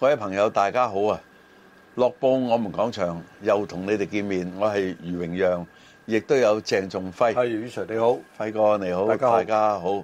各位朋友，大家好啊！樂報，我們講場又同你哋見面，我係余榮讓，亦都有鄭仲輝。係，余 Sir 你好，輝哥你好，大家好。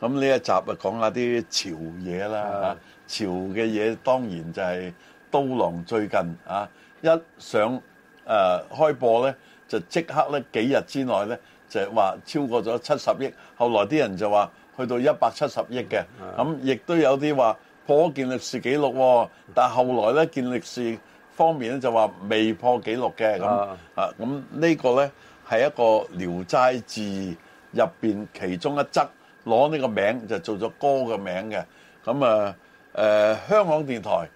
咁呢一集一啊，講下啲潮嘢啦。潮嘅嘢當然就係刀郎最近啊，一上誒、呃、開播咧，就即刻咧幾日之內咧，就話超過咗七十億。後來啲人就話去到一百七十億嘅。咁亦都有啲話。破健力士紀錄，哦，但後來咧，建力士方面咧就話未破記錄嘅。咁啊，啊，咁呢個咧係一個《聊齋志異》入面其中一則，攞呢個名就做咗歌嘅名嘅。咁啊、呃，香港電台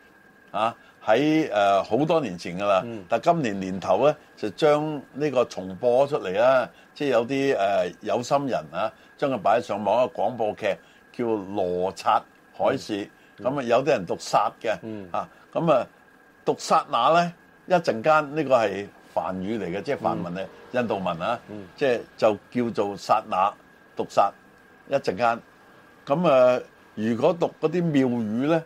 啊喺誒好多年前噶啦，嗯、但今年年頭咧就將呢個重播出嚟啦，即、就、係、是、有啲誒、呃、有心人啊，將佢擺上網一個廣播劇叫《羅剎海市》嗯。咁、嗯嗯、啊，有啲人讀殺嘅，咁啊讀剎那咧，一陣間呢個係梵語嚟嘅、嗯，即係梵文咧，印度文啊，嗯、即係就叫做剎那，讀殺一陣間。咁、嗯、啊、嗯，如果讀嗰啲廟語咧，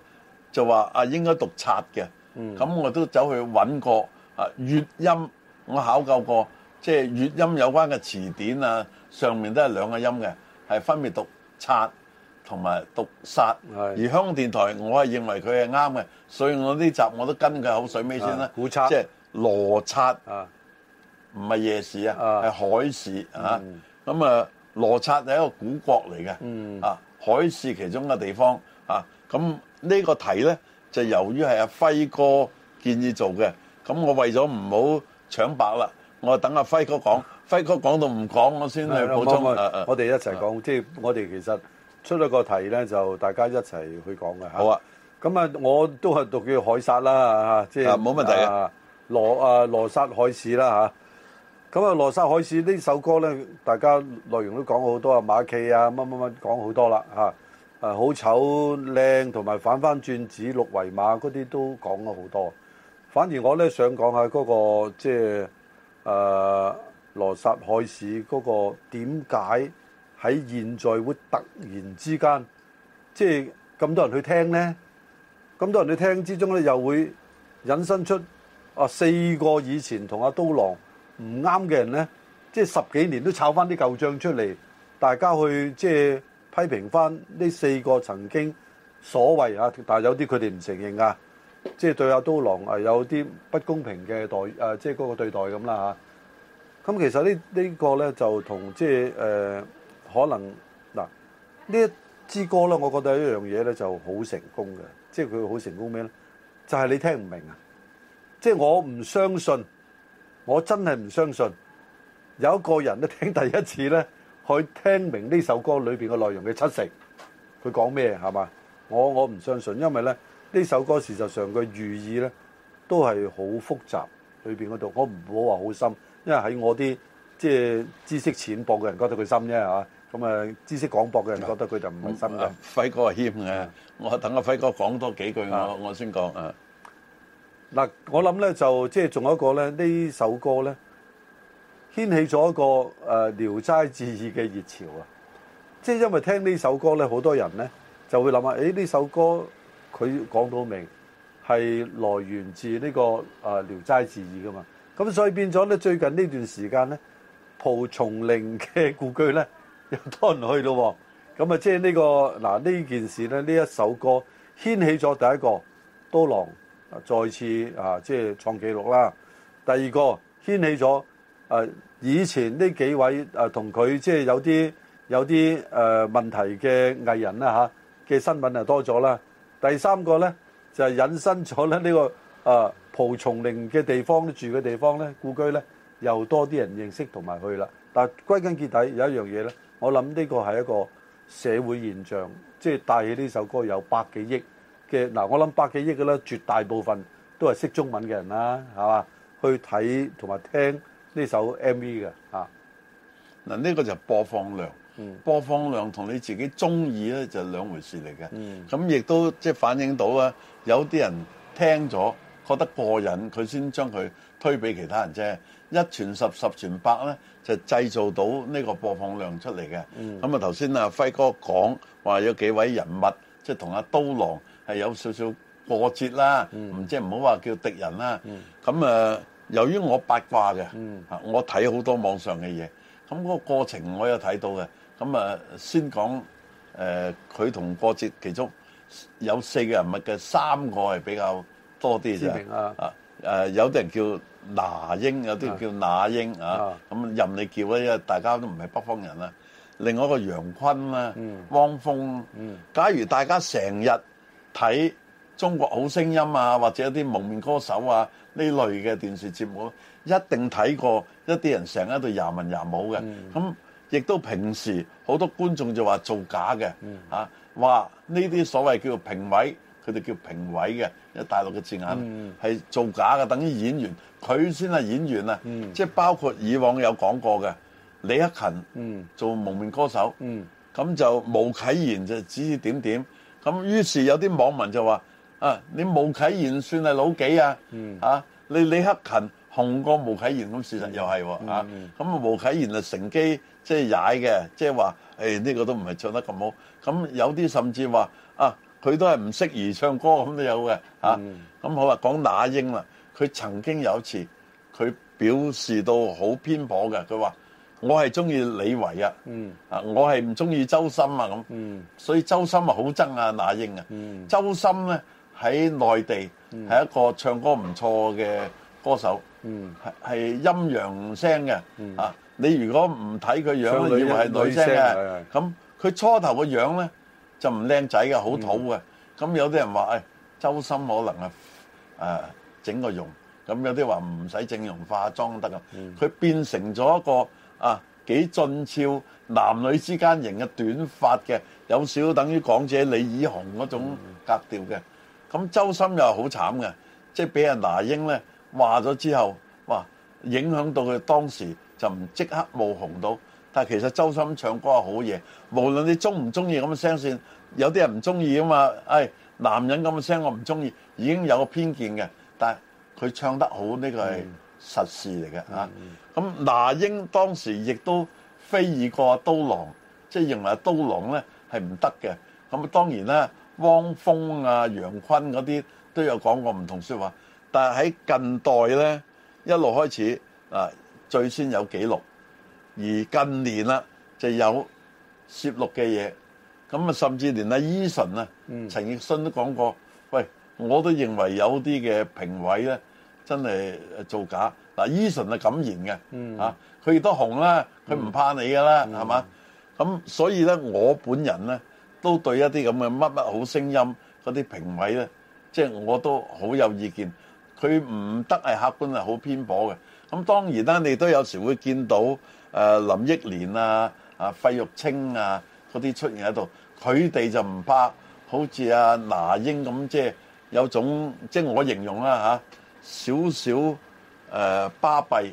就話啊應該讀拆嘅，咁、嗯、我都走去揾過啊，粵音我考究過，即係粵音有關嘅詞典啊，上面都係兩個音嘅，係分別讀拆，同埋毒殺，而香港電台我係認為佢係啱嘅，所以我呢集我都跟佢口水尾先啦、啊。古剎即係羅剎，唔係、啊、夜市啊，係海市啊。咁、嗯、啊，羅剎係一個古國嚟嘅、嗯，啊海市其中嘅地方啊。咁呢個題咧就由於係阿輝哥建議做嘅，咁我為咗唔好搶白啦，我等阿輝哥講、嗯，輝哥講到唔講我先去補充。Uh, 我哋一齊講，即、uh, 係、uh, 我哋其實。出咗個題呢，就大家一齊去講嘅好啊，咁啊，我都係讀叫海沙啦嚇，即、啊、係、啊啊、羅啊羅剎海市啦咁啊，啊羅剎海市呢、啊啊、首歌呢，大家內容都講好多馬啊，馬戲啊乜乜乜講好多啦，誒好醜靚同埋反翻轉子六維碼嗰啲都講咗好多。反而我呢，想講下嗰、那個即係誒羅剎海市嗰、那個點解？喺現在會突然之間，即係咁多人去聽咧，咁多人去聽之中咧，又會引申出啊四個以前同阿刀郎唔啱嘅人咧，即係十幾年都炒翻啲舊帳出嚟，大家去即係批評翻呢四個曾經所謂啊。但係有啲佢哋唔承認㗎，即係對阿刀郎啊有啲不公平嘅待啊，即係嗰個對待咁啦嚇。咁其實呢呢個咧就同即係誒。可能嗱呢一支歌咧，我覺得一樣嘢咧就好成功嘅，即係佢好成功咩咧？就係你聽唔明啊！即係我唔相信，我真係唔相信有一個人咧聽第一次咧，佢聽明呢首歌裏邊嘅內容嘅七成，佢講咩係嘛？我我唔相信，因為咧呢首歌事實上嘅寓意咧都係好複雜，裏邊嗰度我唔好話好深，因為喺我啲即係知識淺薄嘅人覺得佢深啫嚇。咁啊，知識廣博嘅人覺得佢就唔開心啦、嗯啊。輝哥啊，謙嘅，我等阿、啊、輝哥講多幾句我，我我先講啊。嗱，我諗咧就即係仲有一個咧，呢首歌咧掀起咗一個誒《聊、呃、齋志異》嘅熱潮啊。即、就、係、是、因為聽呢首歌咧，好多人咧就會諗啊，誒、欸、呢首歌佢講到明係來源自呢、這個誒《聊、呃、齋志異》噶嘛。咁所以變咗咧，最近呢段時間咧，蒲松齡嘅故居咧。又 多人去咯喎，咁啊即係呢個嗱呢件事咧，呢一首歌掀起咗第一個刀郎啊再次啊即係創紀錄啦，第二個掀起咗、啊、以前呢幾位同佢即係有啲有啲誒、啊、問題嘅藝人啦、啊、嘅、啊、新聞啊多咗啦，第三個咧就係引申咗咧呢個誒、啊、蒲松齡嘅地方住嘅地方咧故居咧又多啲人認識同埋去啦，但係歸根結底有一樣嘢咧。我諗呢個係一個社會現象，即係帶起呢首歌有百幾億嘅嗱，我諗百幾億嘅啦，絕大部分都係識中文嘅人啦，係嘛？去睇同埋聽呢首 MV 嘅嚇。嗱，呢個就係播放量，嗯、播放量同你自己中意咧就兩回事嚟嘅。咁亦都即係反映到啊，有啲人聽咗。覺得過癮，佢先將佢推俾其他人啫。一傳十，十傳百咧，就製造到呢個播放量出嚟嘅。咁、嗯、啊，頭先阿輝哥講話有幾位人物，即係同阿刀郎係有少少過節啦，唔、嗯、即係唔好話叫敵人啦。咁、嗯、由於我八卦嘅、嗯，我睇好多網上嘅嘢，咁、嗰個過程我有睇到嘅，咁啊先講誒，佢、呃、同過節其中有四個人物嘅三個係比較多啲啫，啊，誒有啲人叫那英，有啲人叫那英啊，咁任你叫啦，因為大家都唔係北方人啦。另外一個楊坤啦，汪峰、嗯嗯。假如大家成日睇《中國好聲音》啊，或者啲蒙面歌手啊呢類嘅電視節目，一定睇過一啲人成日喺度牙文牙武嘅、嗯。咁亦都平時好多觀眾就話造假嘅，啊，話呢啲所謂叫做評委。佢哋叫評委嘅，有大陸嘅字眼，係造假嘅，等於演員，佢先係演員啊、嗯！即係包括以往有講過嘅李克勤做蒙面歌手，咁、嗯嗯、就毛啟賢就指指點點，咁於是有啲網民就話：啊，你毛啟賢算係老幾啊、嗯？啊，你李克勤紅過毛啟賢，咁事實又係啊？咁、嗯嗯、啊，毛啟賢就乘機即係、就是、踩嘅，即係話誒呢個都唔係唱得咁好。咁有啲甚至話啊～佢都係唔適宜唱歌，咁都有嘅嚇。咁好啦，講那英啦，佢曾經有一次佢表示到好偏頗嘅，佢話我係中意李維啊，啊我係唔中意周深啊咁，所以周深啊好憎啊那英啊。周深咧喺內地係一個唱歌唔錯嘅歌手，係陰陽聲嘅，啊你如果唔睇佢樣，你以為係女聲嘅，咁佢初頭個樣咧。就唔靚仔嘅，好土嘅。咁、嗯、有啲人話：誒、哎、周深可能、呃、整個容，咁有啲話唔使整容化妝得㗎。佢、嗯、變成咗一個啊幾俊俏男女之間型嘅短髮嘅，有少少等於港姐李以紅嗰種格調嘅。咁、嗯、周深又好慘嘅，即係俾人那英咧話咗之後，哇！影響到佢當時就唔即刻冇紅到。但係其實周深唱歌係好嘢，無論你中唔中意咁嘅聲線，有啲人唔中意啊嘛。誒，男人咁嘅聲我唔中意，已經有個偏見嘅。但係佢唱得好，呢個係實事嚟嘅嚇。咁那英當時亦都非議過刀郎，即係認為刀郎咧係唔得嘅。咁當然啦，汪峰啊、楊坤嗰啲都有講過唔同說話。但係喺近代咧，一路開始啊，最先有記錄。而近年啦，就有攝錄嘅嘢咁啊，甚至連阿 Eason 啊，陳奕迅都講過，喂，我都認為有啲嘅評委咧，真係誒造假嗱。Eason 係敢言嘅嚇，佢、嗯、亦、啊、都紅啦，佢唔怕你㗎啦，係、嗯、嘛？咁所以咧，我本人咧都對一啲咁嘅乜乜好聲音嗰啲評委咧，即、就、係、是、我都好有意見，佢唔得係客觀，係好偏頗嘅。咁當然啦，你都有時會見到。誒、呃、林憶蓮啊，啊費玉清啊，嗰啲出現喺度，佢哋就唔怕。好似阿、啊、那英咁，即、就、係、是、有種即係、就是、我形容啦、啊、嚇，少少誒巴閉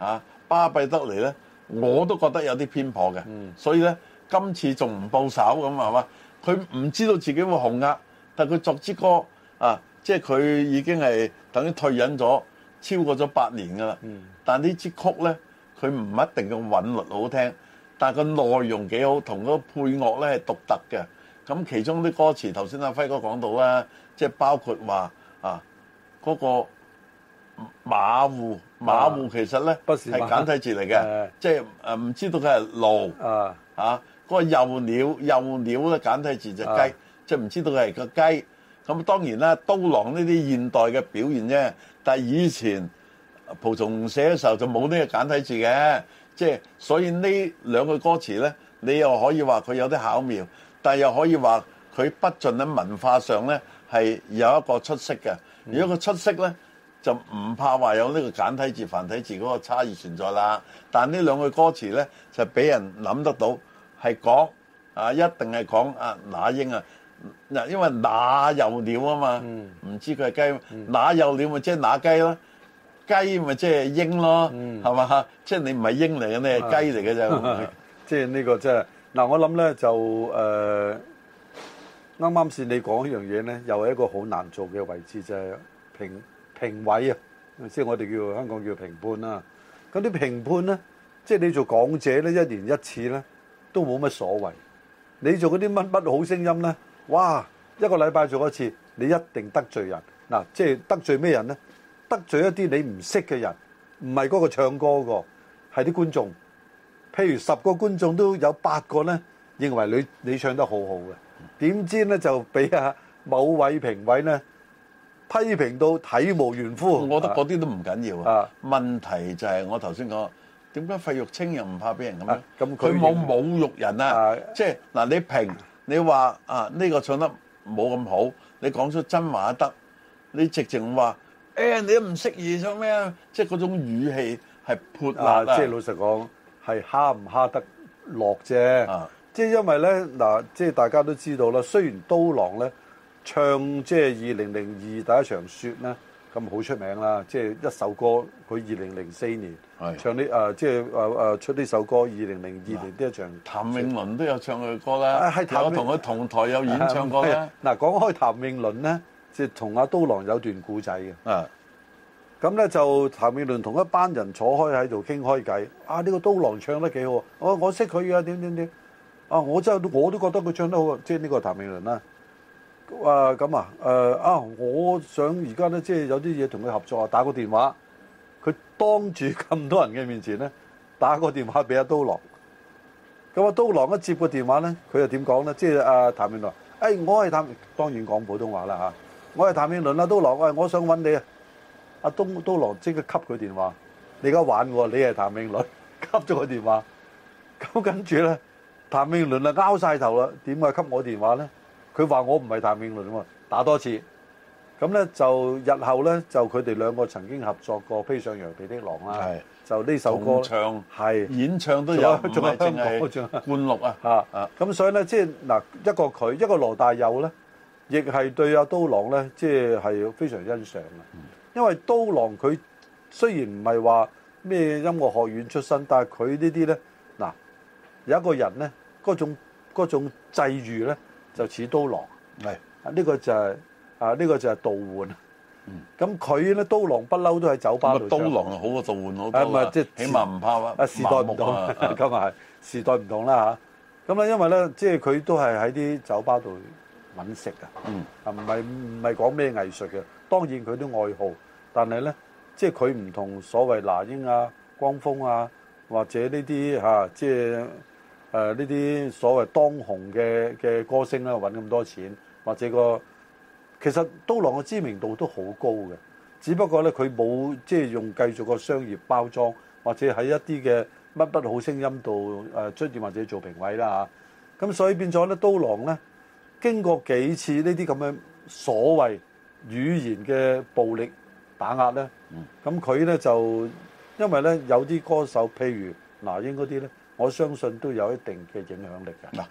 嚇，巴閉、啊、得嚟咧，我都覺得有啲偏頗嘅、嗯。所以咧，今次仲唔報仇咁係嘛？佢唔知道自己會紅額他啊，但佢作支歌啊，即係佢已經係等於退隱咗超過咗八年噶啦、嗯。但呢支曲咧。佢唔一定咁韻律好聽，但係個內容幾好，同嗰個配樂咧係獨特嘅。咁其中啲歌詞，頭先阿輝哥講到啦，即係包括話啊嗰、那個馬戶馬戶其實咧係、啊、簡體字嚟嘅，即係誒唔知道佢係驢啊嚇。嗰、啊那個又鳥又鳥咧簡體字隻雞，即係唔知道佢係個雞。咁當然啦，刀郎呢啲現代嘅表現啫，但係以前。蒲松寫嘅時候就冇呢個簡體字嘅，即係所以呢兩句歌詞呢，你又可以話佢有啲巧妙，但又可以話佢不盡喺文化上呢係有一個出色嘅。如果佢出色呢，就唔怕話有呢個簡體字、繁體字嗰個差異存在啦。但呢兩句歌詞呢，就俾人諗得到係講啊，一定係講啊那英啊，嗱，因為那又鳥啊嘛，唔知佢係雞乸又鳥咪即係乸雞咯、啊。雞咪即係鷹咯，係嘛？即係你唔係鷹嚟嘅，你係雞嚟嘅啫。即係呢個即係嗱，我諗咧就誒啱啱先你講一樣嘢咧，又係一個好難做嘅位置，就係評評委啊，即係我哋叫香港叫評判啦。咁啲評判咧，即係你做港姐咧，一年一次咧，都冇乜所謂。你做嗰啲乜乜好聲音咧，哇，一個禮拜做一次，你一定得罪人。嗱，即係得罪咩人咧？得罪一啲你唔識嘅人，唔係嗰個唱歌個，係啲觀眾。譬如十個觀眾都有八個咧，認為你你唱得好好嘅，點知咧就俾啊某位評委咧批評到體無完膚。我覺得嗰啲都唔緊要啊，啊。問題就係我頭先講，點解費玉清又唔怕俾人咁樣？佢、啊、冇侮辱人啊！即係嗱，你評你話啊，呢、呢個唱得冇咁好，你講出真話得，你直情話。誒、哎、你都唔識意唱咩、就是、啊，啊？即係嗰種語氣係潑啊！即係老實講，係蝦唔蝦得落啫。即係因為咧嗱，即係大家都知道啦。雖然刀郎咧唱即係二零零二第一場雪咧，咁好出名啦。即係一首歌，佢二零零四年、哎、唱啲、啊、即係、啊、出呢首歌，二零零二年第一場。啊就是、譚詠麟都有唱佢嘅歌啦，啊、譚詠麟我同佢同台有演唱過啦。嗱、啊啊，講開譚詠麟咧。即係同阿刀郎有段故仔嘅，咁咧就譚詠麟同一班人坐開喺度傾開偈。啊呢個刀郎唱得幾好，我我識佢啊點點點，啊我真係我都覺得佢唱得好，即係呢個譚詠麟啦，啊咁、呃、啊、呃，啊我想而家咧即係有啲嘢同佢合作、啊，打個電話，佢當住咁多人嘅面前咧打個電話俾阿、啊、刀郎，咁阿刀郎一接個電話咧，佢又點講咧？即係阿譚詠麟，誒我係譚，當然講普通話啦嚇。我係譚詠麟啊，刀郎，喂，我想揾你啊，阿東，刀郎即刻給佢電話。你而家玩喎，你係譚詠麟，給咗佢電話。咁跟住咧，譚詠麟啊，拗晒頭啦，點解給我電話咧？佢話我唔係譚詠麟喎，打多次。咁咧就日後咧就佢哋兩個曾經合作過《披上羊皮的狼》啦，就呢首歌，唱係演唱都有，唔係淨係灌錄啊，嚇啊。咁所以咧，即係嗱一個佢，一個羅大佑咧。亦係對阿刀郎咧，即係非常欣賞啊！因為刀郎佢雖然唔係話咩音樂學院出身，但係佢呢啲咧，嗱有一個人咧，嗰種嗰種際遇咧，就似刀郎。係啊，呢個就係啊，呢個就係導演。咁佢咧，刀郎不嬲都喺酒吧度。刀郎好過導演好。啊唔係，即係起碼唔怕啊。時代唔同啊，咁啊係時代唔同啦嚇。咁咧，因為咧，即係佢都係喺啲酒吧度。揾食噶，啊唔係唔係講咩藝術嘅，當然佢都愛好，但係呢，即係佢唔同所謂那英啊、汪峰啊，或者呢啲嚇，即係呢啲所謂當紅嘅嘅歌星啦，揾咁多錢，或者個其實刀郎嘅知名度都好高嘅，只不過呢，佢冇即係用繼續個商業包裝，或者喺一啲嘅乜不好聲音度誒出現或者做評委啦嚇，咁所以變咗呢，刀郎呢。經過幾次呢啲咁嘅所謂語言嘅暴力打壓咧，咁佢咧就因為咧有啲歌手，譬如那英嗰啲咧，我相信都有一定嘅影響力嘅。嗱，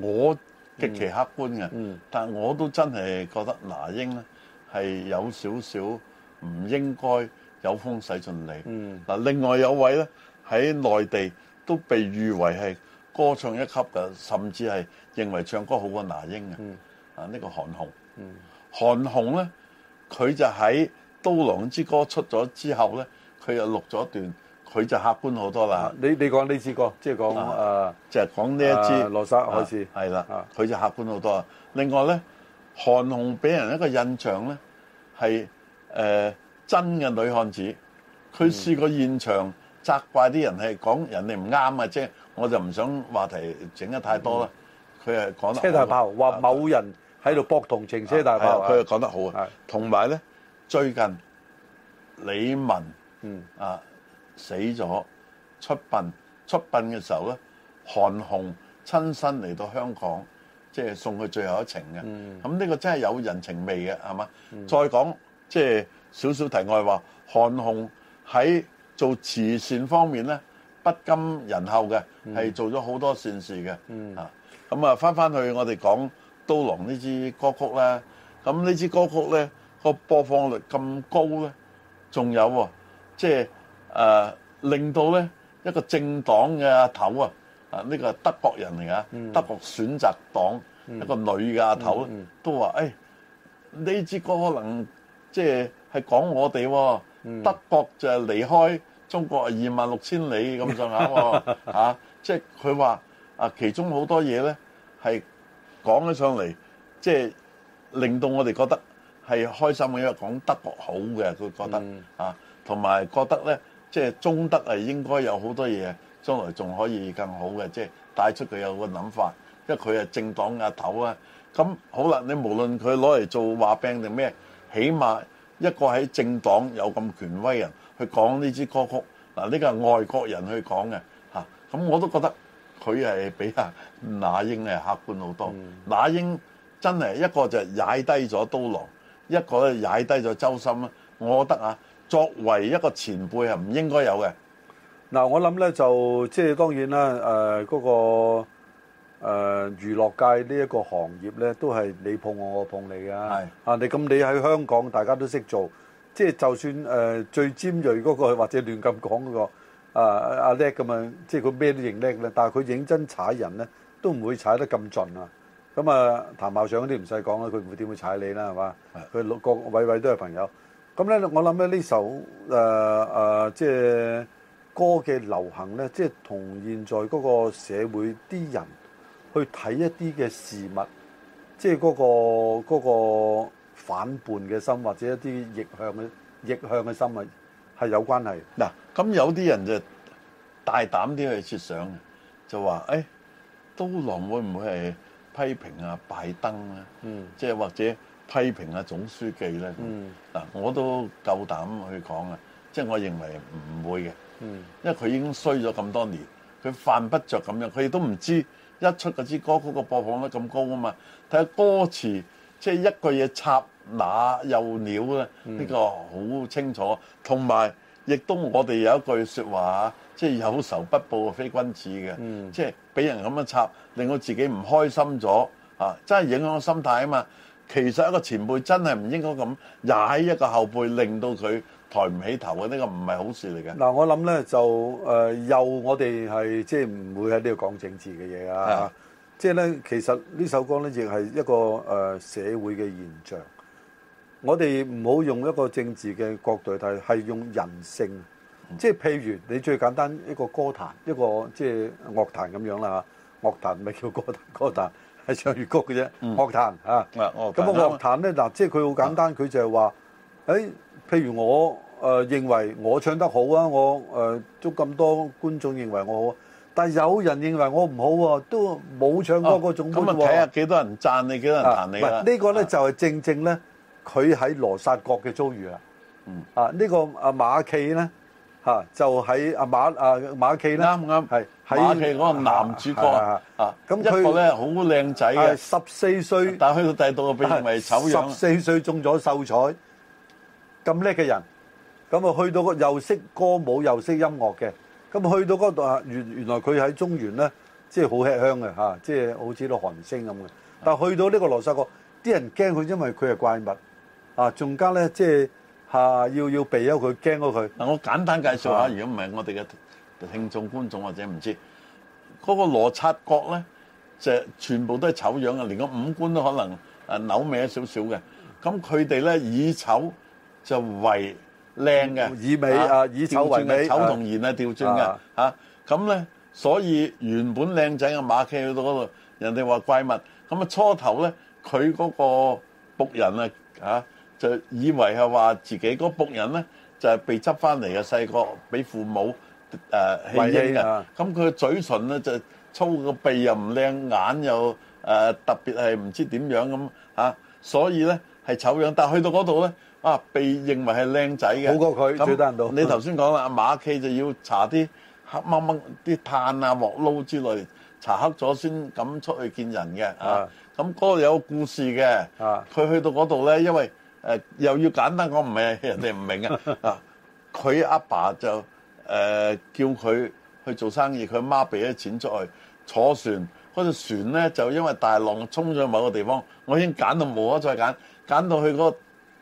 我極其客觀嘅，但我都真係覺得那英咧係有少少唔應該有風使盡嚟。嗱，另外有位咧喺內地都被譽為係歌唱一級嘅，甚至係認為唱歌好過那英、嗯啊，這個嗯過就是、啊！啊，呢個韓紅，韓紅呢，佢就喺《刀郎之歌》出咗之後呢，佢又錄咗段，佢、啊、就客觀好多啦。你你講呢試過，即係講誒，就係講呢一支《羅剎海市》，係啦，佢就客觀好多。另外呢，韓紅俾人一個印象呢，係誒、呃、真嘅女漢子。佢試過現場、嗯、責怪啲人係講人哋唔啱啊，即、就、係、是。我就唔想話題整得太多啦、嗯。佢係講車大炮話某人喺度博同情，車大炮佢又講得好啊。同埋咧，最近李玟、嗯、啊死咗，出殯出殯嘅時候咧，韓紅親身嚟到香港，即、就、係、是、送佢最後一程嘅。咁、嗯、呢個真係有人情味嘅，係嘛、嗯？再講即係少少題外話，韓紅喺做慈善方面咧。不甘人後嘅，係做咗好多善事嘅、mm -hmm. 啊。啊，咁啊，翻翻去我哋講刀郎呢支歌曲咧，咁呢支歌曲咧個播放率咁高咧，仲有喎，即係誒、呃、令到咧一個政黨嘅阿頭啊，啊、這、呢個德國人嚟噶，mm -hmm. 德國選擇黨、mm -hmm. 一個女嘅阿頭都話誒，呢、哎、支歌可能即係係講我哋喎、啊，mm -hmm. 德國就係離開。中國係二萬六千里咁上下喎，即係佢話啊， 其中好多嘢咧係講咗上嚟，即係令到我哋覺得係開心嘅，因為講德國好嘅，佢覺得啊，同埋覺得咧，即係中德係應該有好多嘢，將來仲可以更好嘅，即係帶出佢有個諗法，因為佢係政黨嘅頭啊。咁好啦，你無論佢攞嚟做話柄定咩，起碼一個喺政黨有咁權威人。去講呢支歌曲，嗱，呢個係外國人去講嘅，嚇，咁我都覺得佢係比阿那英係客觀好多。那英真係一個就踩低咗刀郎，一個就踩低咗周深啦。我覺得啊，作為一個前輩係唔應該有嘅。嗱，我諗咧就即係當然啦，誒嗰個誒娛樂界呢一個行業咧，都係你碰我，我碰你嘅。係啊，你咁你喺香港，大家都識做。即、就、係、是、就算誒最尖鋭嗰個，或者亂咁講嗰個阿叻咁啊，即係佢咩都認叻啦，但係佢認真踩人咧，都唔會踩得咁盡啊。咁啊，譚校長嗰啲唔使講啦，佢唔會點會踩你啦，係嘛？佢六個位位都係朋友。咁咧，我諗咧呢首誒誒即係歌嘅流行咧，即係同現在嗰個社會啲人去睇一啲嘅事物，即係嗰個嗰個。那個反叛嘅心或者一啲逆向嘅逆向嘅心係係有關係。嗱，咁有啲人就大膽啲去設想，就話：哎「誒刀郎會唔會係批評啊拜登咧、啊？嗯，即係或者批評啊總書記咧？嗯，嗱，我都夠膽去講啊。即係我認為唔會嘅。嗯，因為佢已經衰咗咁多年，佢犯不着咁樣。佢亦都唔知一出嗰支歌曲個播放率咁高啊嘛。睇下歌詞。即係一句嘢插哪又鳥啊！呢、呢個好清楚，同埋亦都我哋有一句說話即係有仇不報非君子嘅、嗯。即係俾人咁樣插，令到自己唔開心咗啊！真係影響心態啊嘛。其實一個前輩真係唔應該咁踩一個後輩，令到佢抬唔起頭嘅呢、呢個唔係好事嚟嘅。嗱、嗯，我諗咧就誒，又、呃、我哋係即係唔會喺呢度講政治嘅嘢啊。即係咧，其實呢首歌咧，亦係一個誒、呃、社會嘅現象。我哋唔好用一個政治嘅角度睇，係用人性。嗯、即係譬如你最簡單一個歌壇，一個即係樂壇咁樣啦嚇。樂壇咪叫歌壇，歌壇係唱粵曲嘅啫。樂壇嚇，咁啊樂壇咧嗱、嗯，即係佢好簡單，佢、嗯、就係話：誒，譬如我誒、呃、認為我唱得好啊，我誒足咁多觀眾認為我好。但係有人認為我唔好喎，都冇唱過嗰種歌喎。咁啊睇下幾多人讚你，幾多人彈你啦？唔係呢個咧，就係正正咧，佢喺羅剎國嘅遭遇啦。嗯啊，呢個阿馬驥咧嚇，就喺阿馬阿馬驥啦。啱啱係馬驥嗰個男主角啊，咁佢咧好靚仔嘅十四歲，但係去到第度就被認為醜樣。十四歲中咗秀才，咁叻嘅人，咁啊去到個又識歌舞又識音樂嘅。咁去到嗰度啊，原原來佢喺中原咧，即係好吃香嘅嚇，即係好似啲韓星咁嘅。但係去到呢個羅剎國，啲人驚佢，因為佢係怪物啊，仲加咧即係嚇要要避咗佢，驚咗佢。嗱，我簡單介紹下，如果唔係我哋嘅聽眾觀眾或者唔知嗰、那個羅剎國咧，就全部都係醜樣嘅，連個五官都可能啊扭歪一少少嘅。咁佢哋咧以醜就為靚嘅以美啊，以醜為美，醜同妍啊調轉嘅嚇，咁咧所以原本靚仔嘅馬驥去到嗰度，人哋話怪物。咁啊初頭咧，佢嗰個僕人啊嚇就以為係話自己嗰僕人咧就係被執翻嚟嘅細個，俾父母誒棄嬰嘅。咁佢嘅嘴唇咧就粗，個鼻又唔靚，眼又誒特別係唔知點樣咁嚇，所以咧係醜樣。但係去到嗰度咧。啊！被認為係靚仔嘅好過佢，最得人到你頭先講啦，馬驥就要搽啲黑掹掹啲炭啊、鑊撈之類，搽黑咗先咁出去見人嘅啊。咁、那、嗰個有個故事嘅，佢去到嗰度咧，因為、呃、又要簡單講，唔係人哋唔明 啊。佢阿爸、爸就誒、呃、叫佢去做生意，佢媽俾咗錢出去坐船，嗰、那、條、個、船咧就因為大浪沖咗去某個地方，我已經揀到冇得再揀，揀到去嗰、那個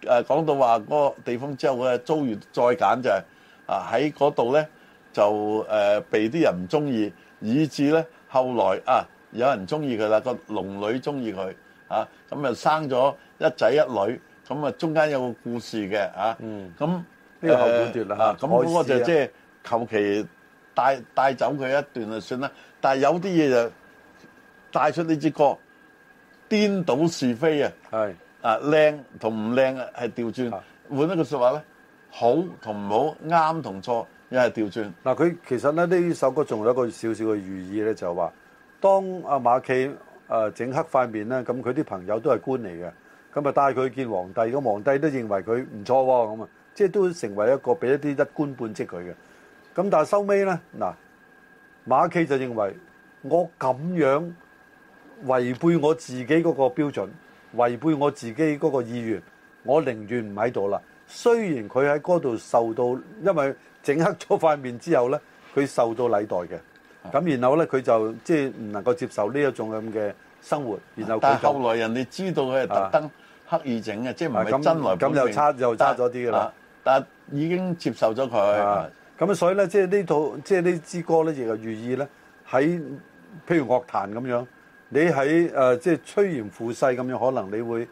誒、啊、講到話嗰個地方之後，佢、那個、遭遇再揀就係、是、啊喺嗰度咧就誒、啊、被啲人唔中意，以至咧後來啊有人中意佢啦，個龍女中意佢啊咁啊就生咗一仔一女，咁啊中間有個故事嘅啊，咁、嗯、呢、嗯這個後半段啦嚇，咁、啊啊、我就即係求其帶帶走佢一段就算啦。但係有啲嘢就帶出呢支歌，顛倒是非啊！係。啊，靚同唔靚係調轉，換一個說話咧，好同唔好，啱同錯，又係調轉。嗱、啊，佢其實咧呢首歌仲有一個少少嘅寓意咧，就係話，當阿、啊、馬騮、呃、整黑塊面呢，咁佢啲朋友都係官嚟嘅，咁啊帶佢見見皇帝，咁皇帝都認為佢唔錯喎、哦，咁啊，即係都成為一個俾一啲一官半職佢嘅。咁但係收尾咧，嗱、啊，馬騮就認為我咁樣違背我自己嗰個標準。違背我自己嗰個意願，我寧願唔喺度啦。雖然佢喺嗰度受到，因為整黑咗塊面之後咧，佢受到禮待嘅。咁然後咧，佢就即係唔能夠接受呢一種咁嘅生活。然後佢但係後來人哋知道佢係特登刻意整嘅，即係唔係真來表演。咁又差又差咗啲嘅啦。但係已經接受咗佢。咁所以咧，即係呢套即係呢支歌咧，亦係寓意咧，喺譬如樂壇咁樣。你喺誒、呃、即係趨炎附勢咁樣，可能你會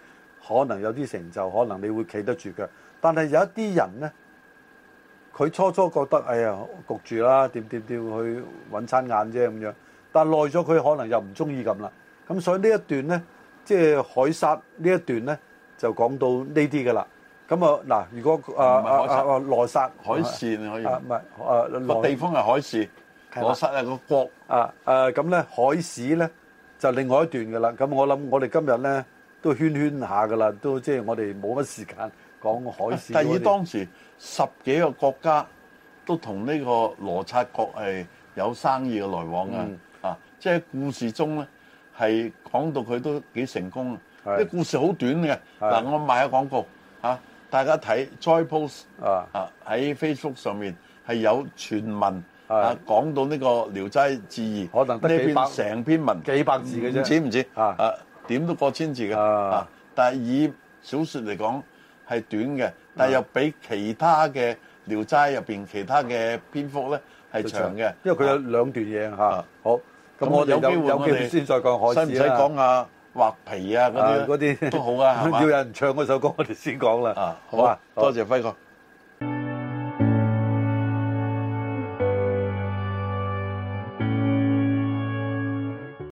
可能有啲成就，可能你會企得住腳。但係有一啲人咧，佢初初覺得哎呀焗住啦，點點點去揾餐晏啫咁樣。但係耐咗，佢可能又唔中意咁啦。咁所以呢一段咧，即、就、係、是、海殺呢一段咧，就講到呢啲噶啦。咁啊嗱，如果、呃、海沙啊啊啊羅剎海市可以唔係啊，呢地方係海市，羅剎係個國啊誒咁咧，海市咧。啊。就另外一段嘅啦，咁我諗我哋今日咧都圈圈下嘅啦，都即係我哋冇乜時間講海鮮。第二，當時十幾個國家都同呢個羅剎國係有生意嘅來往啊，啊，即係故事中咧係講到佢都幾成功，啲故事好短嘅嗱，我賣下廣告嚇，大家睇 Joypost 啊啊喺 Facebook 上面係有傳聞。啊，講到呢個《聊齋志異》，可能得篇成篇文幾百字嘅啫，知唔知啊，點、啊、都過千字嘅、啊，啊，但以小説嚟講係短嘅、啊，但又比其他嘅《聊齋》入面其他嘅篇幅咧係長嘅，因為佢有兩段嘢、啊啊、好，咁我哋有，有，有機會先再講海子使唔使講啊畫皮啊？嗰啲嗰啲都好啊。要有人唱嗰首歌，我哋先講啦。啊，好啊，多謝輝哥。